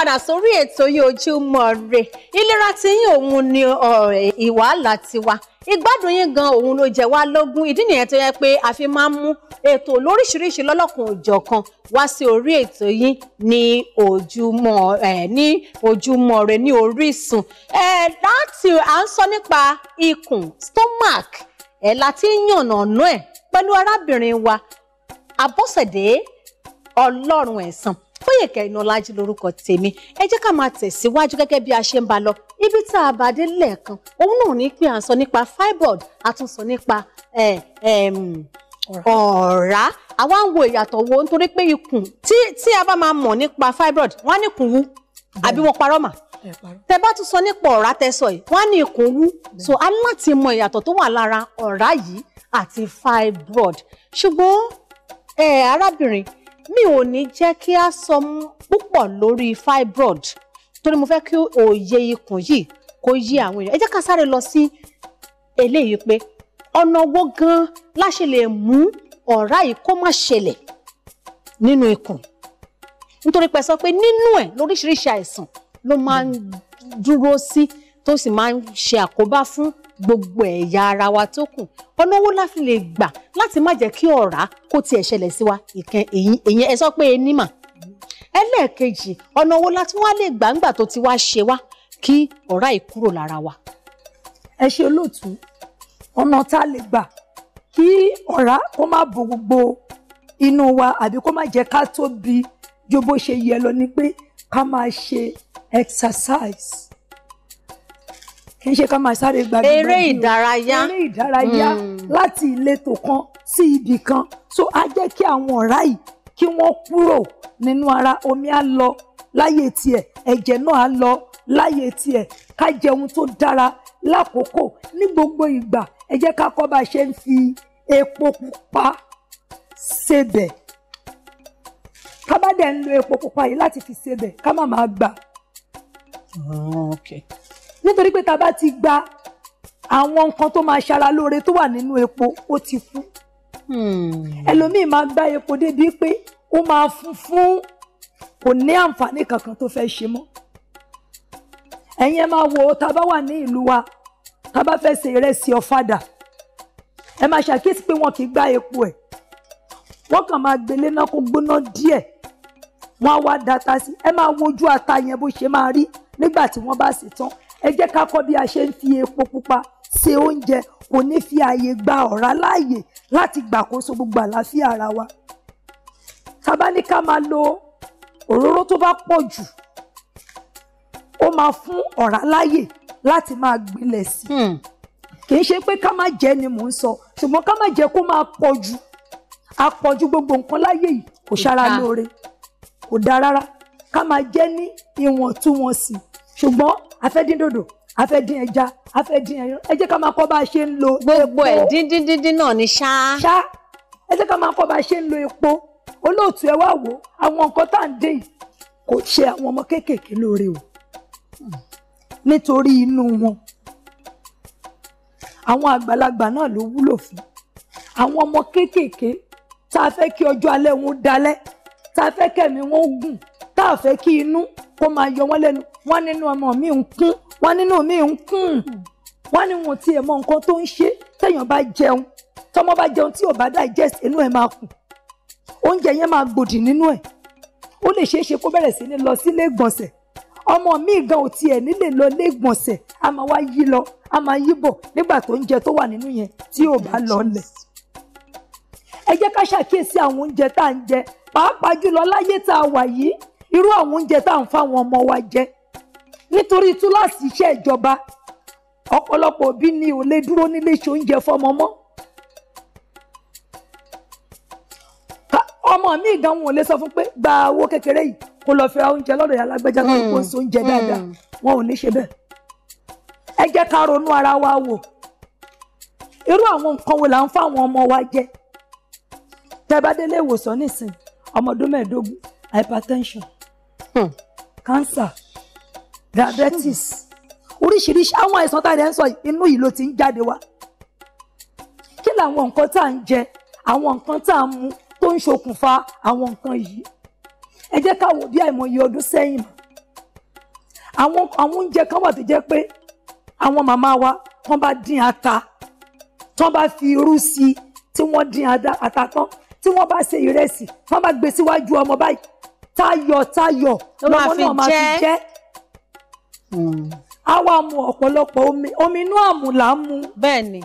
padà sórí ètò yìí Ojúmọ́ Ire ìlera tí yín òun ni ìwàhálà tiwa ìgbádùn yín gan òun ló jẹ wá lógún ìdí nìyẹn tó yẹ pé a fi máa ń mú ètò lóríṣiríṣi lọ́lọ́kan òjọ̀kan wá sí orí ètò yín ní Ojúmọ́ ẹ ní Ojúmọ́ Ire ní Orísun ẹ láti à ń sọ nípa ikùn stomach ẹ láti yànnàná ẹ pẹ̀lú arábìnrin wa Abọ́sẹ̀dé Ọlọ́run ẹ̀sán Fóyèkẹ́ Inaọlájí lórúkọ tèmi ẹ jẹ́ ká máa tẹ̀síwájú gẹ́gẹ́ bí a ṣe ń bá lọ ibi tá a bá dé lẹ́ẹ̀kan òun náà ní pé à ń sọ nípa fibroid a tún sọ nípa ọ̀rá àwa ń wo ìyàtọ̀ wo nítorí pé ikùn tí a bá máa mọ̀ nípa fibroid wọ́n á ní ikùn wú àbí wọ́n parọ́ mà tẹ bá tún sọ nípa ọ̀rá tẹ yìí wọ́n á ní ikùn wú so a láti mọ ìyàtọ̀ tó wà lára ọ̀rá yìí àti fibroid ṣùgbọ́n arábìnrin mi ò ní jẹ́ kí a sọ púpọ̀ lórí fibroid torí mo fẹ́ kí òye ikùn yìí kó yé àwọn èèyàn ẹ jẹ́ ká sáré lọ sí eléyìí pé ọ̀nà wo gan la ṣe lè mú ọ̀rá yìí kó má ṣẹlẹ̀ nínú ikùn nítorí pé sọ pé nínú ẹ̀ lóríṣiríṣi àìsàn ló máa ń dúró sí tó sì máa ń ṣe àkóbá fún gbogbo ẹ̀yà ara wa tó kù ọ̀nà owó la fi lè gbà láti má jẹ́ kí ọ̀rá kó tiẹ̀ ṣẹlẹ̀ sí wa ìkẹn èyí ẹ sọ pé e nímà ẹlẹ́ẹ̀kejì ọ̀nà owó la tún wá lè gbà ńgbà tó ti wá ṣe wá kí ọ̀rá yìí kúrò lára wa. ẹ ṣe olóòtú ọ̀nà tá a lè gbà kí ọ̀rá kó má bo gbogbo inú wa àbí kó má jẹ́ ká tóbi ju bó ṣe yẹ lọ ni pé ká máa ṣe exercise kì í ṣe ká máa sáré gbàgbé eré ìdárayá eré ìdárayá hmm. láti ìletò kan sí ibì kan so á jẹ́ kí àwọn ọ̀rá yìí kí wọ́n kúrò nínú ara omi á lọ láyé tiẹ̀ ẹ̀jẹ̀ náà á lọ láyé tiẹ̀ ká jẹun tó dára lákòókò ní gbogbo ìgbà ẹ jẹ́ ká kọ́ bá a ṣe ń fi epo pupa sebẹ̀ ká bá dẹ̀ ń lo epo pupa yìí láti fi sebẹ̀ ká má máa gbà. Ah, okay nítorí pé tá a bá ti gba àwọn nǹkan tó máa ṣara lóore tó wà nínú epo ó ti fún hmm. ẹlòmíì máa gba epo débi pé ó máa fún fún kò ní àǹfààní kankan tó fẹ́ ṣe mọ́ ẹ̀yin ẹ máa wo tá bá wà ní ìlú wa tá bá fẹ́ ṣe ìrẹsì ọ̀fadà ẹ máa ṣàkíyèsí pé wọn kì í gbá epo ẹ̀ wọ́n kàn máa gbélé náà kó gbóná díẹ̀ wọ́n á wá data sí ẹ máa wojú ata yẹn bó ṣe máa rí nígbà tí wọ́n bá ṣe tán ẹ jẹ́ ká kọ́ bí a ṣe ń fi epo pupa ṣe oúnjẹ kò ní fi ààyè gba ọ̀rá láàyè láti gbàkóso gbogbo àlàáfíà ara wa tá bá ní ká máa lo òróró tó bá pọ̀ jù ó máa fún ọ̀rá láàyè láti máa gbilẹ̀ sí hmm. kì í ṣe pé ká má jẹ ni mò ń sọ ṣùgbọ́n ká má jẹ kó máa pọ̀ jù àpọ̀jù gbogbo nǹkan láyé yìí kò ṣara lóore kò dáa rárá ká máa jẹ ní ìwọ̀ntúnwọ̀nsì ṣùgbọ́n a fẹ́ dín dòdò a fẹ́ dín ẹja a fẹ́ dín ẹran ẹ jẹ́ ká máa kọ́ bá a ṣe ń lo epo gbogbo ẹ̀ díndín díndín náà ni ṣá. ṣá ẹ jẹ́ ká máa kọ́ bá a ṣe ń lo epo olóòtú ẹ wá wò àwọn nǹkan tá à ń dín yìí kò ṣe àwọn ọmọ kéékèèké lóore o hmm. nítorí inú wọn àwọn àgbàlagbà náà ló wúlò fún àwọn ọmọ kéékèèké tá a fẹ́ kí ọjọ́ alẹ́ wọn dalẹ́ tá a fẹ́ kẹ́mi wọn gùn tá a fẹ́ kí inú kó máa yọ wọ́n lẹ́nu wọ́n nínú ọmọ mi ń kún wọ́n nínú mi ń kún wọ́n ní wọn tiẹ̀ mọ nǹkan tó ń ṣe téèyàn bá jẹun tọ́mọ bá jẹun tí ò bá digest inú ẹ̀ máa kù oúnjẹ yẹn máa gbòdì nínú ẹ̀ ó lè ṣeé ṣe kó bẹ̀rẹ̀ sí ní lọ sílé ìgbọ̀nsẹ̀ ọmọ míì gan ò tiẹ̀ nílè lọ lé ìgbọ̀nsẹ̀ a máa wá yí lọ a máa yí bọ̀ nígbà tó ń tó wà nínú yẹn tí ò bá lọ lẹ̀. ẹ jẹ́ ká ṣàkíyèsí àwọn oúnjẹ tá à ń jẹ pàápàá jùlọ láyé tá a wà yìí irú àwọn oúnjẹ tá à ń fáwọn ọmọ wa jẹ nítorí túláàsì iṣẹ́ ìjọba ọ̀pọ̀lọpọ̀ òbí ni ò lè dúró nílé ṣe oúnjẹ fọmọ mọ́ ọmọ mi gan wọn ò lè sọ fún pé gba owó kékeré yìí kó lọ fi ra oúnjẹ lọ́dọ̀ yàrá gbẹ́jà kan kó so oúnjẹ hmm, dáadáa hmm. wọn ò ní ṣe bẹ́ẹ̀ ẹ jẹ́ ká ronú ara wa wò irú àwọn nǹkan wo là ń fáwọn ọmọ wa jẹ tẹ́ bá délé ìwòsàn nísìnyí ọmọ ọdún mẹ́ẹ̀ẹ́dógún hypertension Hmm. cancer diabetes hmm. oríṣiríṣi àwọn àìsàn tá a lè ń sọ inú yìí ló ti ń jáde wá kí làwọn nǹkan tá à ń jẹ àwọn nǹkan tá à ń mu tó ń ṣokùnfà àwọn nǹkan yìí ẹ jẹ́ ká wò bí àìmọye ọdún sẹ́yìn mọ́ àwọn oúnjẹ kan wà tó jẹ́ pé àwọn màmá wa tán bá dín ata tán bá fi irú sí i tí wọ́n dín ata tán tí wọ́n bá ṣe ìrẹsì tán bá gbé síwájú ọmọ báyìí tayọ̀tayọ̀ lọ́mọ náà máa fi jẹ́ hmm. a wá mu ọ̀pọ̀lọpọ̀ omi omi inú àmù là ń mu. bẹ́ẹ̀ ni.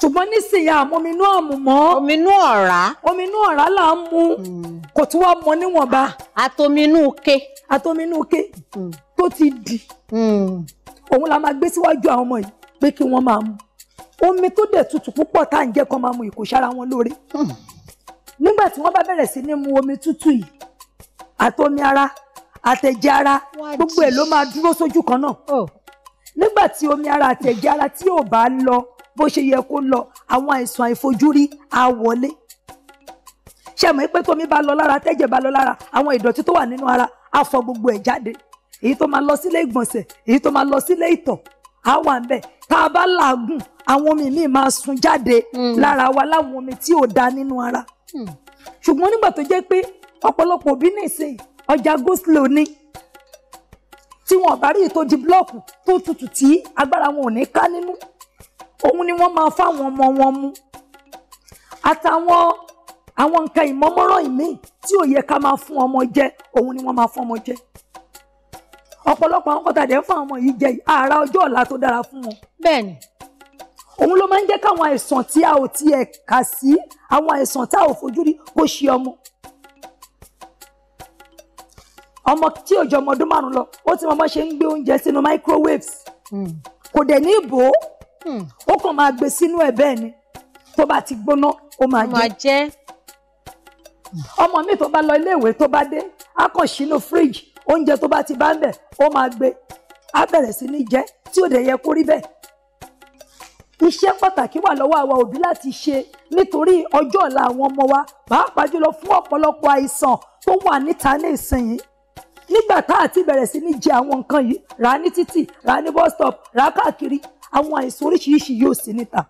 ṣùgbọ́n nísìnyí àmú omi inú àmù mọ́. omi inú ọ̀rá. omi inú ọ̀rá là ń mu hmm. kò tí wọ́n mọ níwọ̀nba. àtomi inú ke. àtomi inú ke hmm. tó ti dì. òun la máa gbé síwájú àwọn ọmọ yìí pé kí wọ́n máa mu omi tó dẹ̀ tutù púpọ̀ tá à ń jẹ́ kó máa mu ìkòsára wọn lóore nígbà tí wọ́n bá bẹ̀rẹ̀ sí ní mu omi tútù yìí àtomi ara àtẹ̀jẹ̀ ara gbogbo ẹ̀ ló máa dúró sójú kan náà oh. nígbà tí omi ara àtẹ̀jẹ̀ ara tí ò bá lọ bó ṣe yẹ kó lọ àwọn àìsàn àìfojúrí á wọlé ṣe mọ̀ pé tómi bá lọ lára tẹ́jẹ̀ bá lọ lára àwọn ìdọ̀tí tó wà nínú ara á fọ gbogbo ẹ̀ jáde èyí tó máa lọ sílé ìgbọ̀nsẹ̀ èyí tó máa lọ sílé ìtọ̀ á wà ń bẹ̀ tá a bá làágùn àwọn omi míì máa sun jáde hmm. lára wa láwọn omi tí ò da nínú ara hmm. ṣùgbọ́n nígbà tó jẹ́ pé ọ̀pọ̀lọpọ̀ òbí nìsín ọjà goslow ni tí wọn bá rí ìtòjì búlọ́ọ̀kù tó tutù tí agbára wọn ò ní ká nínú òun ni wọ́n máa fáwọn ọmọ wọn mu àtàwọn àwọn nǹkan ìmọ̀mọ́rọ̀ ìmíì tí ò yẹ ká máa fún ọmọ jẹ òun ni wọ́n máa fún ọmọ jẹ ọ̀pọ̀lọpọ̀ àwọn kọ́tà dẹ̀ ń fún àwọn ọmọ yìí jẹ ààrà ọjọ́ ọ̀la tó dára fún wọn. bẹ́ẹ̀ni. òun ló máa ń jẹ́ káwọn àìsàn tí a ò tiẹ̀ kà sí àwọn àìsàn tá a ò fojú rí kó ṣe ọmọ ọmọ tí ò jọ ọmọ ọdún márùn lọ ó ti mọ ṣe ń gbé oúnjẹ sínú microwaves hmm. kò dẹ̀ ní ìbò hmm. ó kàn máa gbé sínú ẹ̀ bẹ́ẹ̀ ni tó bá ti gbóná ó máa jẹ ọmọ mi tó bá lọ iléèwé tó bá dé á kàn sínú fridge oúnjẹ tó bá ti bá ń bẹ̀ ó máa gbé á bẹ̀rẹ̀ sí ní jẹ tí ò dẹ̀ yẹ kó rí bẹ́ẹ̀ iṣẹ́ pàtàkì wà lọ́wọ́ àwa òbí láti ṣe nítorí ọjọ́ ọ̀la àwọn ọmọ wa pàápàá jùlọ fún ọ̀pọ̀lọpọ̀ àìsàn tó wà níta ní ìsinyìí nígbà tá àti bẹ̀rẹ̀ sí ní jẹ àwọn nǹkan yìí rà ní títì rà ní bus stop rà káàkiri àwọn àìsàn oríṣiríṣi yóò sí níta.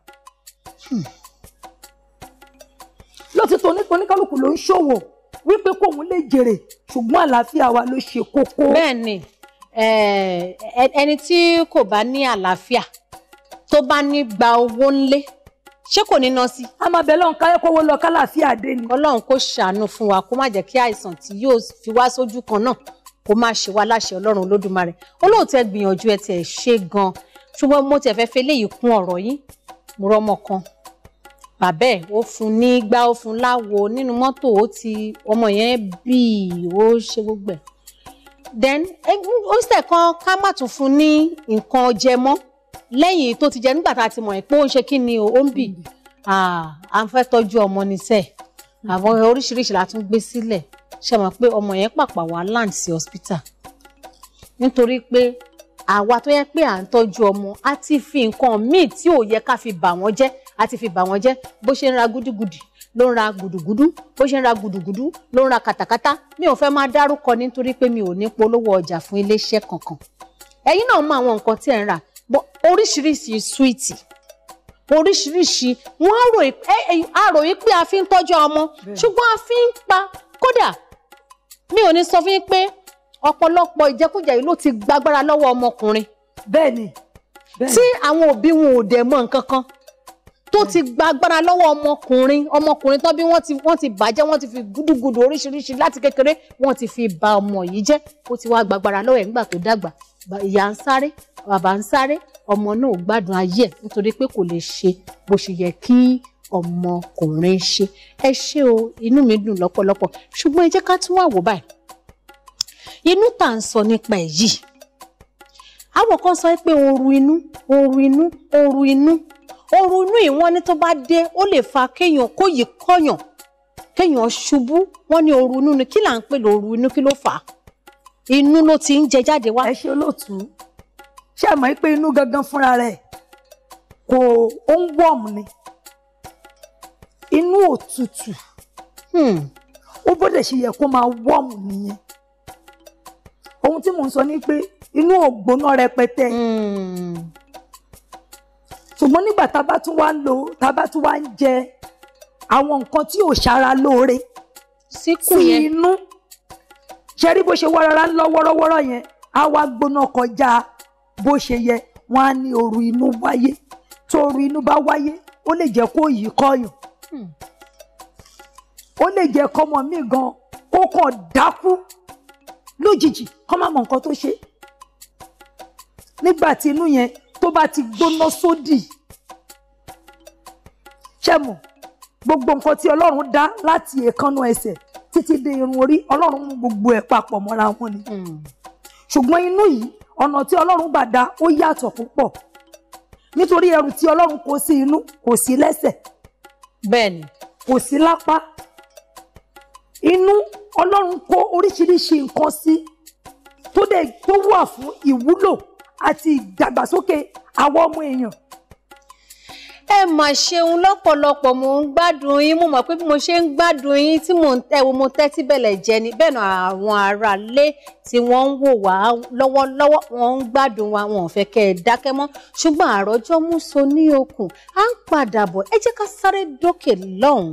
Hmm. lótìtọ́ oníkálukú ló ń ṣòwò wípé kóun lè jèrè ṣùgbọ́n àlàáfíà wa ló ṣe kókó. bẹ́ẹ̀ni eh, ẹni tí kò bá ní àlàáfíà tó bá ní gba owó ńlé ṣé kò ní ná sí. a máa bẹ̀ lọ́hùn káyọ̀ kówó lọ kálàáfíà dé ni. ọlọ́run kó ṣàánú fún wa kó má jẹ́ kí àìsàn tí yóò fi wá sójú kan náà kó má ṣe wá láṣẹ ọlọ́run olódùmarè olóòótọ́ ẹ gbìyànjú ẹ tiẹ̀ ṣe gan ṣùgbọ́n mo tiẹ̀ fẹ́ fẹ́ léyìí kún ọ̀rọ̀ yín mo rọ́mọ kan bàbẹ́ ó fún ní gbá ó fún láwo nínú mọ́tò ó ti ọmọ yẹn bí ó ṣe gbogbo ẹ̀ then ó sì tẹ̀kan ká má tún fún ní nǹkan jẹ mọ́ lẹ́yìn tó ti jẹ nígbà tá a ti mọ̀ ẹ́ pé ó ń ṣe kí ni ó ń bì à ń fẹ́ tọ́jú ọmọ níṣẹ́ àwọn oríṣiríṣi la tún gbé sílẹ̀ ṣe mọ̀ pé ọmọ yẹn pàpà wá land sí hospital nítorí pé àwa tó yẹ pé à ń tọ́jú ọmọ á ti fi nǹkan míì tí ò yẹ ká fi bà wọ́n jẹ́ á ti fi bà wọ́n jẹ́ bó ṣe ń ra gúdúgudì ló ń ra gùdùgùdù bó ṣe ń ra gùdùgùdù ló ń ra kàtàkàtà mi ò fẹ́ máa dárúkọ nítorí pé mi ò ní polówó ọjà fún iléeṣẹ́ kankan ẹ̀yin náà mọ àwọn nǹkan tí ẹ̀ ń rà oríṣiríṣi súwìtì oríṣiríṣi wọ́n á ròyìn pé a fi ń tọ́jú ọmọ ṣùgbọ́n a fi ń pa kódà mi ò ní sọ fún yín pé ọ̀pọ̀lọpọ̀ ìjẹkújẹ yìí ló ti gbàgbára lọ́wọ́ ọmọkùnrin. bẹ́ẹ̀ni bẹ́ẹ̀ni tí àwọn òbí wọn ò dẹ̀ mọ̀ nǹkan kan tó ti gbàgbára lọ́wọ́ ọmọkùnrin ọmọkùnrin tán bí wọ́n ti wọ́n ti bàjẹ́ wọ́n ti fi gúdúgudù oríṣiríṣi láti kékeré wọ́n ti fi ba ọmọ yìí jẹ́ ó ti wá gbàgbára lọ́wọ́ ẹ̀ ńgbà tó dàgbà ìyá ń sáré bàbá ń sáré ọmọ náà ò gbádùn ayé ẹ̀ nítorí pé kò lè ṣe bó ṣe yẹ kí ọmọkùnrin ṣe ẹ ṣé o inú mi dùn lọ́pọ̀lọpọ̀ ṣùgbọ́n ẹ jẹ́ ká tún wà wò báyìí inú tà ń sọ nípa ẹ̀ yìí àwọn kan sọ pé ooru inú ooru inú ooru inú ooru inú yìí wọ́n ní tó bá dé ó lè fa kéèyàn kó yìí kọ̀yàn kéèyàn ṣubú wọ́n ní ooru inú ni kí là ń pè lóru inú kí ló fà á inú ló ti ń jẹ jáde wá. ẹ ṣe olóòtú ṣé àmọ́ pé inú gangan fúnra rẹ̀ kò ó ń wọ̀m ni inú òtútù hmm. ó bọ́dẹ̀ ṣe yẹ kó máa wọ́ọ̀mù nìyẹn ohun tí mò ń sọ ni pé inú ògbóná rẹpẹtẹ hmm. ṣùgbọ́n nígbà tá a bá tún wá ń lo tá a bá tún wá ń jẹ àwọn nǹkan tí ò ṣara lóore sí inú ṣe rí bó ṣe wá rárá ń lọ wọ́rọ́wọ́rọ́ yẹn á wá gbóná kọjá bó ṣe yẹ wọ́n á ní ooru inú wáyé tó ooru inú bá wáyé ó lè jẹ́ kó yí kọ́yàn Hmm. ó lè jẹ́ kọ́mọ mi gan kó kàn dákú lójijì kọ́ má mọ nǹkan tó ṣe nígbà tí inú yẹn tó bá ti gbóná sódì ṣẹ́mu gbogbo nǹkan tí ọlọ́run dá láti èékánná ẹsẹ̀ títí dé irun orí ọlọ́run mú gbogbo ẹ̀ papọ̀ mọ́ra wọn ni hmm. ṣùgbọ́n inú yìí ọ̀nà tí ọlọ́run gbà dá ó yàtọ̀ púpọ̀ nítorí ẹrù tí ọlọ́run kó sí inú kò sí lẹ́sẹ̀ bẹ́ẹ̀ ni kò sí lápá inú ọlọ́run kó oríṣiríṣi nǹkan sí tó dẹ̀ tó wà fún ìwúlò àti ìdàgbàsókè àwọn ọmọ èèyàn ẹ mà ṣeun lọ́pọ̀lọpọ̀ mò ń gbádùn yín mo mọ̀ pé bí mo ṣe ń gbádùn yín tí mò ń tẹ̀wò mo tẹ́tí bẹ̀lẹ̀ jẹ ni bẹ́ẹ̀ náà àwọn ará lé tí wọ́n ń wò wá lọ́wọ́lọ́wọ́ wọ́n ń gbádùn wa wọn ò fẹ́ kẹ́ ẹ dákẹ́ mọ́ ṣùgbọ́n àròjọ mú so ní okùn à ń padà bọ̀ ẹ jẹ́ ká sáré dókè lọ́hùn